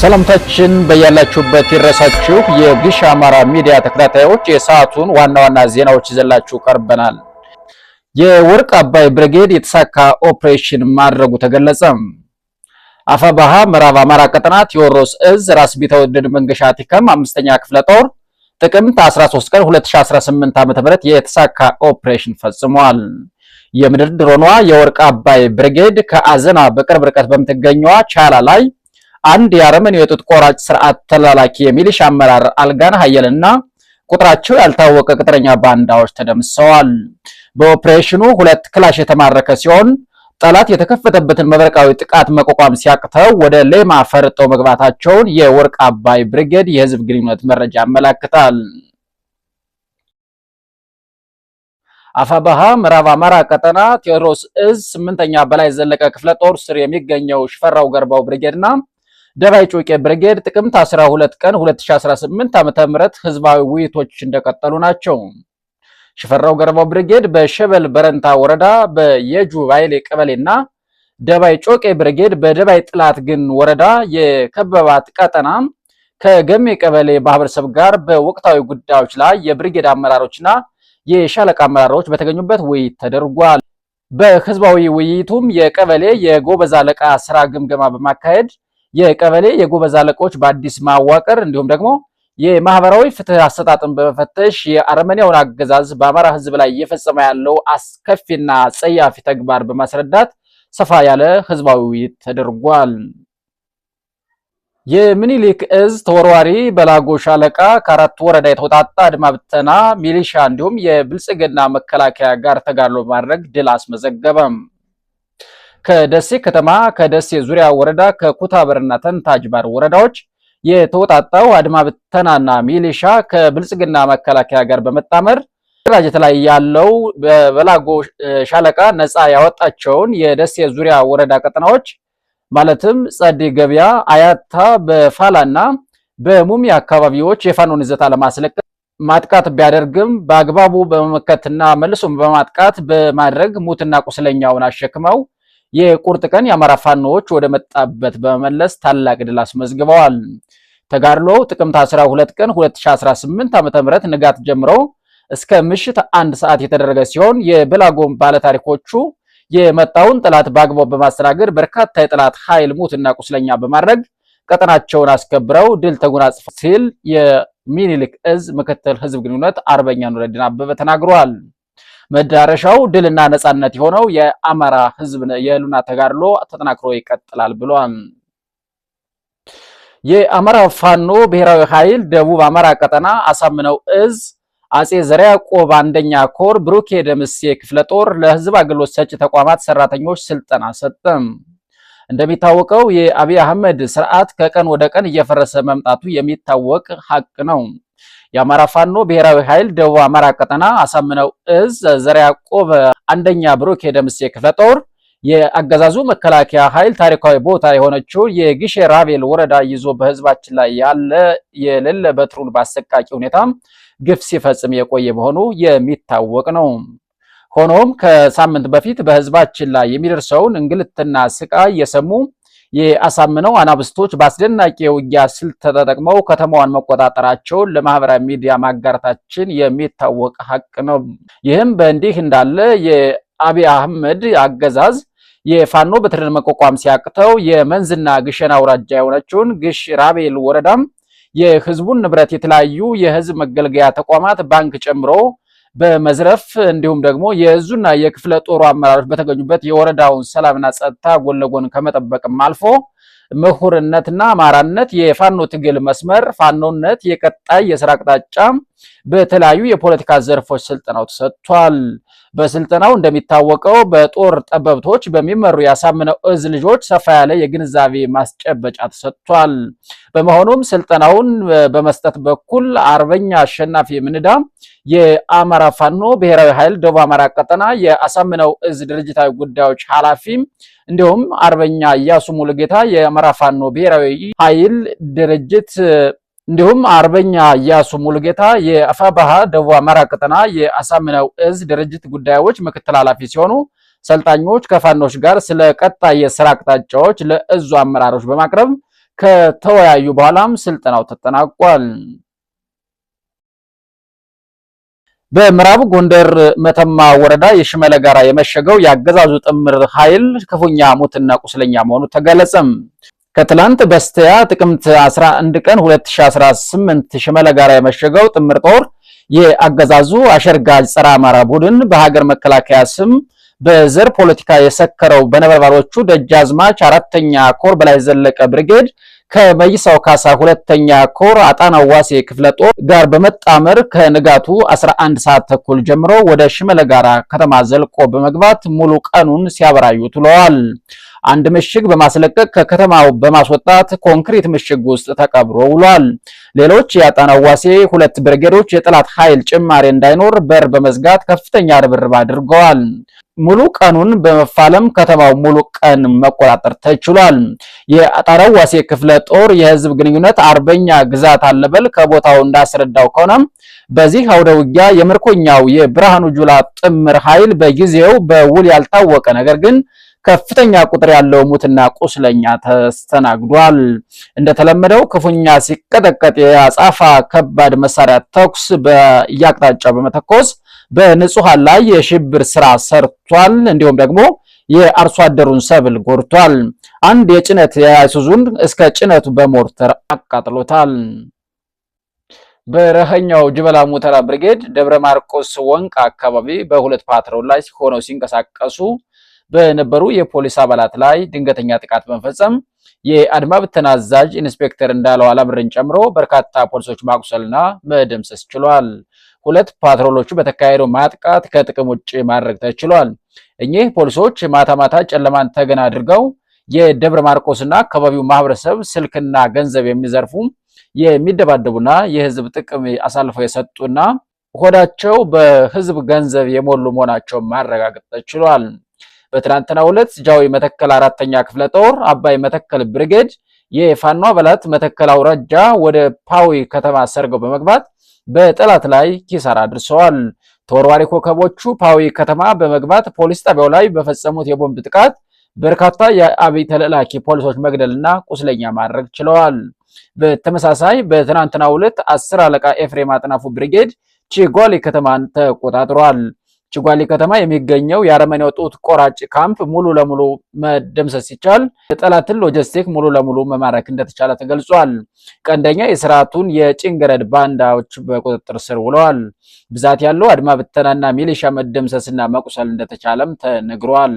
ሰላምታችን በያላችሁበት ይረሳችሁ። የግሽ አማራ ሚዲያ ተከታታዮች የሰዓቱን ዋና ዋና ዜናዎች ይዘላችሁ ቀርበናል። የወርቅ አባይ ብርጌድ የተሳካ ኦፕሬሽን ማድረጉ ተገለጸ። አፋባሃ ምዕራብ አማራ ቀጠና ቴዎድሮስ እዝ ራስ ቢተወደድ መንገሻ ቲከም አምስተኛ ክፍለ ጦር ጥቅምት 13 ቀን 2018 ዓ.ም የተሳካ ኦፕሬሽን ፈጽሟል። የምድር ድሮኗ የወርቅ አባይ ብርጌድ ከአዘና በቅርብ ርቀት በምትገኘዋ ቻላ ላይ አንድ የአረመኔው የጡት ቆራጭ ስርዓት ተላላኪ የሚሊሻ አመራር አልጋን ሀየልና ቁጥራቸው ያልታወቀ ቅጥረኛ ባንዳዎች ተደምሰዋል። በኦፕሬሽኑ ሁለት ክላሽ የተማረከ ሲሆን ጠላት የተከፈተበትን መብረቃዊ ጥቃት መቋቋም ሲያቅተው ወደ ሌማ ፈርጠው መግባታቸውን የወርቅ አባይ ብርጌድ የህዝብ ግንኙነት መረጃ ያመላክታል። አፋባሃ ምዕራብ አማራ ቀጠና ቴዎድሮስ እዝ ስምንተኛ በላይ ዘለቀ ክፍለ ጦር ስር የሚገኘው ሽፈራው ገርባው ብርጌድና ደባይ ጮቄ ብርጌድ ጥቅምት 12 ቀን 2018 ዓ.ም ህዝባዊ ውይይቶች እንደቀጠሉ ናቸው። ሽፈራው ገርባው ብርጌድ በሸበል በረንታ ወረዳ በየጁ ባይሌ ቀበሌና ደባይ ጮቄ ብርጌድ በደባይ ጥላት ግን ወረዳ የከበባት ቀጠና ከገሜ ቀበሌ ማህበረሰብ ጋር በወቅታዊ ጉዳዮች ላይ የብርጌድ አመራሮችና የሻለቃ አመራሮች በተገኙበት ውይይት ተደርጓል። በህዝባዊ ውይይቱም የቀበሌ የጎበዝ አለቃ ስራ ግምገማ በማካሄድ የቀበሌ የጎበዝ አለቆች በአዲስ ማዋቀር እንዲሁም ደግሞ የማህበራዊ ፍትህ አሰጣጥን በመፈተሽ የአረመኔያውን አገዛዝ በአማራ ህዝብ ላይ እየፈጸመ ያለው አስከፊና ጸያፊ ተግባር በማስረዳት ሰፋ ያለ ህዝባዊ ውይይት ተደርጓል። የሚኒሊክ እዝ ተወርዋሪ በላጎ ሻለቃ ከአራት ወረዳ የተውጣጣ አድማ ብተና ሚሊሻ እንዲሁም የብልጽግና መከላከያ ጋር ተጋድሎ በማድረግ ድል አስመዘገበም። ከደሴ ከተማ፣ ከደሴ ዙሪያ ወረዳ፣ ከኩታበርና ተንታጅባር ወረዳዎች የተወጣጣው አድማ ብተናና ሚሊሻ ከብልጽግና መከላከያ ጋር በመጣመር ደራጀት ላይ ያለው በበላጎ ሻለቃ ነፃ ያወጣቸውን የደሴ ዙሪያ ወረዳ ቀጠናዎች ማለትም ጸዴ ገበያ፣ አያታ፣ በፋላና በሙሚ አካባቢዎች የፋኖን ይዘታ ለማስለቀቅ ማጥቃት ቢያደርግም በአግባቡ በመመከትና መልሶ በማጥቃት በማድረግ ሙትና ቁስለኛውን አሸክመው የቁርጥ ቀን የአማራ ፋኖዎች ወደ መጣበት በመመለስ ታላቅ ድል አስመዝግበዋል። ተጋድሎው ጥቅምት 12 ቀን 2018 ዓ.ም ንጋት ጀምሮ እስከ ምሽት አንድ ሰዓት የተደረገ ሲሆን የበላጎም ባለታሪኮቹ የመጣውን ጠላት በአግባቡ በማስተናገድ በርካታ የጠላት ኃይል ሙትና ቁስለኛ በማድረግ ቀጠናቸውን አስከብረው ድል ተጎናጽፈዋል ሲል የሚኒልክ እዝ ምክትል ህዝብ ግንኙነት አርበኛ ኑረዲን አበበ ተናግሯል። መዳረሻው ድልና ነጻነት የሆነው የአማራ ህዝብ የሉና ተጋድሎ ተጠናክሮ ይቀጥላል ብሏል። የአማራ ፋኖ ብሔራዊ ኃይል ደቡብ አማራ ቀጠና አሳምነው እዝ አጼ ዘርዓ ያዕቆብ አንደኛ ኮር ብሩኬ ደምሴ ክፍለ ጦር ለህዝብ አገልግሎት ሰጪ ተቋማት ሰራተኞች ስልጠና ሰጠም። እንደሚታወቀው የአብይ አህመድ ስርዓት ከቀን ወደ ቀን እየፈረሰ መምጣቱ የሚታወቅ ሀቅ ነው። የአማራ ፋኖ ብሔራዊ ኃይል ደቡብ አማራ ቀጠና አሳምነው እዝ ዘር ያዕቆብ አንደኛ ብሩክ የደምሴ ክፍለ ጦር የአገዛዙ መከላከያ ኃይል ታሪካዊ ቦታ የሆነችው የግሼ ራቤል ወረዳ ይዞ በህዝባችን ላይ ያለ የሌለ በትሩን በአሰቃቂ ሁኔታም ግፍ ሲፈጽም የቆየ መሆኑ የሚታወቅ ነው። ሆኖም ከሳምንት በፊት በህዝባችን ላይ የሚደርሰውን እንግልትና ስቃይ የሰሙ የአሳምነው አናብስቶች በአስደናቂ የውጊያ ስልት ተጠቅመው ከተማዋን መቆጣጠራቸውን ለማህበራዊ ሚዲያ ማጋራታችን የሚታወቅ ሀቅ ነው። ይህም በእንዲህ እንዳለ የአብይ አህመድ አገዛዝ የፋኖ በትርን መቋቋም ሲያቅተው የመንዝና ግሸን አውራጃ የሆነችውን ግሽ ራቤል ወረዳም የህዝቡን ንብረት የተለያዩ የህዝብ መገልገያ ተቋማት ባንክ ጨምሮ በመዝረፍ እንዲሁም ደግሞ የዙና የክፍለ ጦሩ አመራሮች በተገኙበት የወረዳውን ሰላምና ጸጥታ ጎን ለጎን ከመጠበቅም አልፎ ምሁርነትና አማራነት የፋኖ ትግል መስመር ፋኖነት የቀጣይ የስራ አቅጣጫ በተለያዩ የፖለቲካ ዘርፎች ስልጠናው ተሰጥቷል። በስልጠናው እንደሚታወቀው በጦር ጠበብቶች በሚመሩ ያሳምነው እዝ ልጆች ሰፋ ያለ የግንዛቤ ማስጨበጫ ተሰጥቷል። በመሆኑም ስልጠናውን በመስጠት በኩል አርበኛ አሸናፊ ምንዳ የአማራ ፋኖ ብሔራዊ ኃይል ደቡብ አማራ ቀጠና የአሳምነው እዝ ድርጅታዊ ጉዳዮች ኃላፊ እንዲሁም አርበኛ እያሱ ሙሉጌታ የአማራ ፋኖ ብሔራዊ ኃይል ድርጅት እንዲሁም አርበኛ እያሱ ሙሉጌታ የአፋባሃ ደቡብ አማራ ቀጠና የአሳምነው እዝ ድርጅት ጉዳዮች ምክትል ኃላፊ ሲሆኑ ሰልጣኞች ከፋኖች ጋር ስለ ቀጣይ የስራ አቅጣጫዎች ለእዙ አመራሮች በማቅረብ ከተወያዩ በኋላም ስልጠናው ተጠናቋል። በምዕራብ ጎንደር መተማ ወረዳ የሽመለ ጋራ የመሸገው የአገዛዙ ጥምር ኃይል ክፉኛ ሞትና ቁስለኛ መሆኑ ተገለጸም። ከትላንት በስቲያ ጥቅምት 11 ቀን 2018 ሽመለ ጋራ የመሸገው ጥምር ጦር የአገዛዙ አሸርጋጅ ጸረ አማራ ቡድን በሀገር መከላከያ ስም በዘር ፖለቲካ የሰከረው በነበልባሎቹ ደጃዝማች አራተኛ ኮር በላይ ዘለቀ ብርጌድ ከመይሳው ካሳ ሁለተኛ ኮር አጣናው ዋሴ ክፍለ ጦር ጋር በመጣመር ከንጋቱ 11 ሰዓት ተኩል ጀምሮ ወደ ሽመለ ጋራ ከተማ ዘልቆ በመግባት ሙሉ ቀኑን ሲያበራዩ ትለዋል። አንድ ምሽግ በማስለቀቅ ከከተማው በማስወጣት ኮንክሪት ምሽግ ውስጥ ተቀብሮ ውሏል። ሌሎች የአጣናው ዋሴ ሁለት ብርጌዶች የጠላት ኃይል ጭማሪ እንዳይኖር በር በመዝጋት ከፍተኛ ርብርብ አድርገዋል። ሙሉ ቀኑን በመፋለም ከተማው ሙሉ ቀን መቆጣጠር ተችሏል። የአጣናው ዋሴ ክፍለ ጦር የህዝብ ግንኙነት አርበኛ ግዛት አለበል ከቦታው እንዳስረዳው ከሆነም በዚህ አውደ ውጊያ የምርኮኛው የብርሃኑ ጁላ ጥምር ኃይል በጊዜው በውል ያልታወቀ ነገር ግን ከፍተኛ ቁጥር ያለው ሙትና ቁስለኛ ተስተናግዷል። እንደተለመደው ክፉኛ ሲቀጠቀጥ የአጻፋ ከባድ መሳሪያ ተኩስ በእያቅጣጫው በመተኮስ በንጹሃን ላይ የሽብር ስራ ሰርቷል። እንዲሁም ደግሞ የአርሶ አደሩን ሰብል ጎድቷል። አንድ የጭነት የአይሱዙን እስከ ጭነቱ በሞርተር አቃጥሎታል። በረኸኛው ጅበላ ሙተራ ብርጌድ ደብረ ማርቆስ ወንቅ አካባቢ በሁለት ፓትሮል ላይ ሆነው ሲንቀሳቀሱ በነበሩ የፖሊስ አባላት ላይ ድንገተኛ ጥቃት በመፈጸም የአድማ ብተና አዛዥ ኢንስፔክተር እንዳለው አላምርን ጨምሮ በርካታ ፖሊሶች ማቁሰልና መደምሰስ ችሏል። ሁለት ፓትሮሎቹ በተካሄደው ማጥቃት ከጥቅም ውጭ ማድረግ ተችሏል። እኚህ ፖሊሶች ማታ ማታ ጨለማን ተገን አድርገው የደብረ ማርቆስና አካባቢው ማህበረሰብ ስልክና ገንዘብ የሚዘርፉ የሚደባደቡና የህዝብ ጥቅም አሳልፈው የሰጡና ሆዳቸው በህዝብ ገንዘብ የሞሉ መሆናቸውን ማረጋገጥ ተችሏል። በትናንትናው ዕለት ጃዊ መተከል አራተኛ ክፍለ ጦር አባይ መተከል ብርጌድ የፋኖ አባላት መተከል አውራጃ ወደ ፓዊ ከተማ ሰርገው በመግባት በጠላት ላይ ኪሳራ አድርሰዋል። ተወርዋሪ ኮከቦቹ ፓዊ ከተማ በመግባት ፖሊስ ጣቢያው ላይ በፈጸሙት የቦምብ ጥቃት በርካታ የአብይ ተላላኪ ፖሊሶች መግደልና ቁስለኛ ማድረግ ችለዋል። በተመሳሳይ በትናንትናው ዕለት አስር አለቃ ኤፍሬም አጥናፉ ብሪጌድ ቺጓሊ ከተማን ተቆጣጥሯል። ችጓሊ ከተማ የሚገኘው የአረመኔው ጡት ቆራጭ ካምፕ ሙሉ ለሙሉ መደምሰስ ሲቻል የጠላትን ሎጂስቲክ ሙሉ ለሙሉ መማረክ እንደተቻለ ተገልጿል። ቀንደኛ የስርዓቱን የጭንገረድ ባንዳዎች በቁጥጥር ስር ውለዋል። ብዛት ያለው አድማ ብተናና ሚሊሻ መደምሰስና መቁሰል እንደተቻለም ተነግሯል።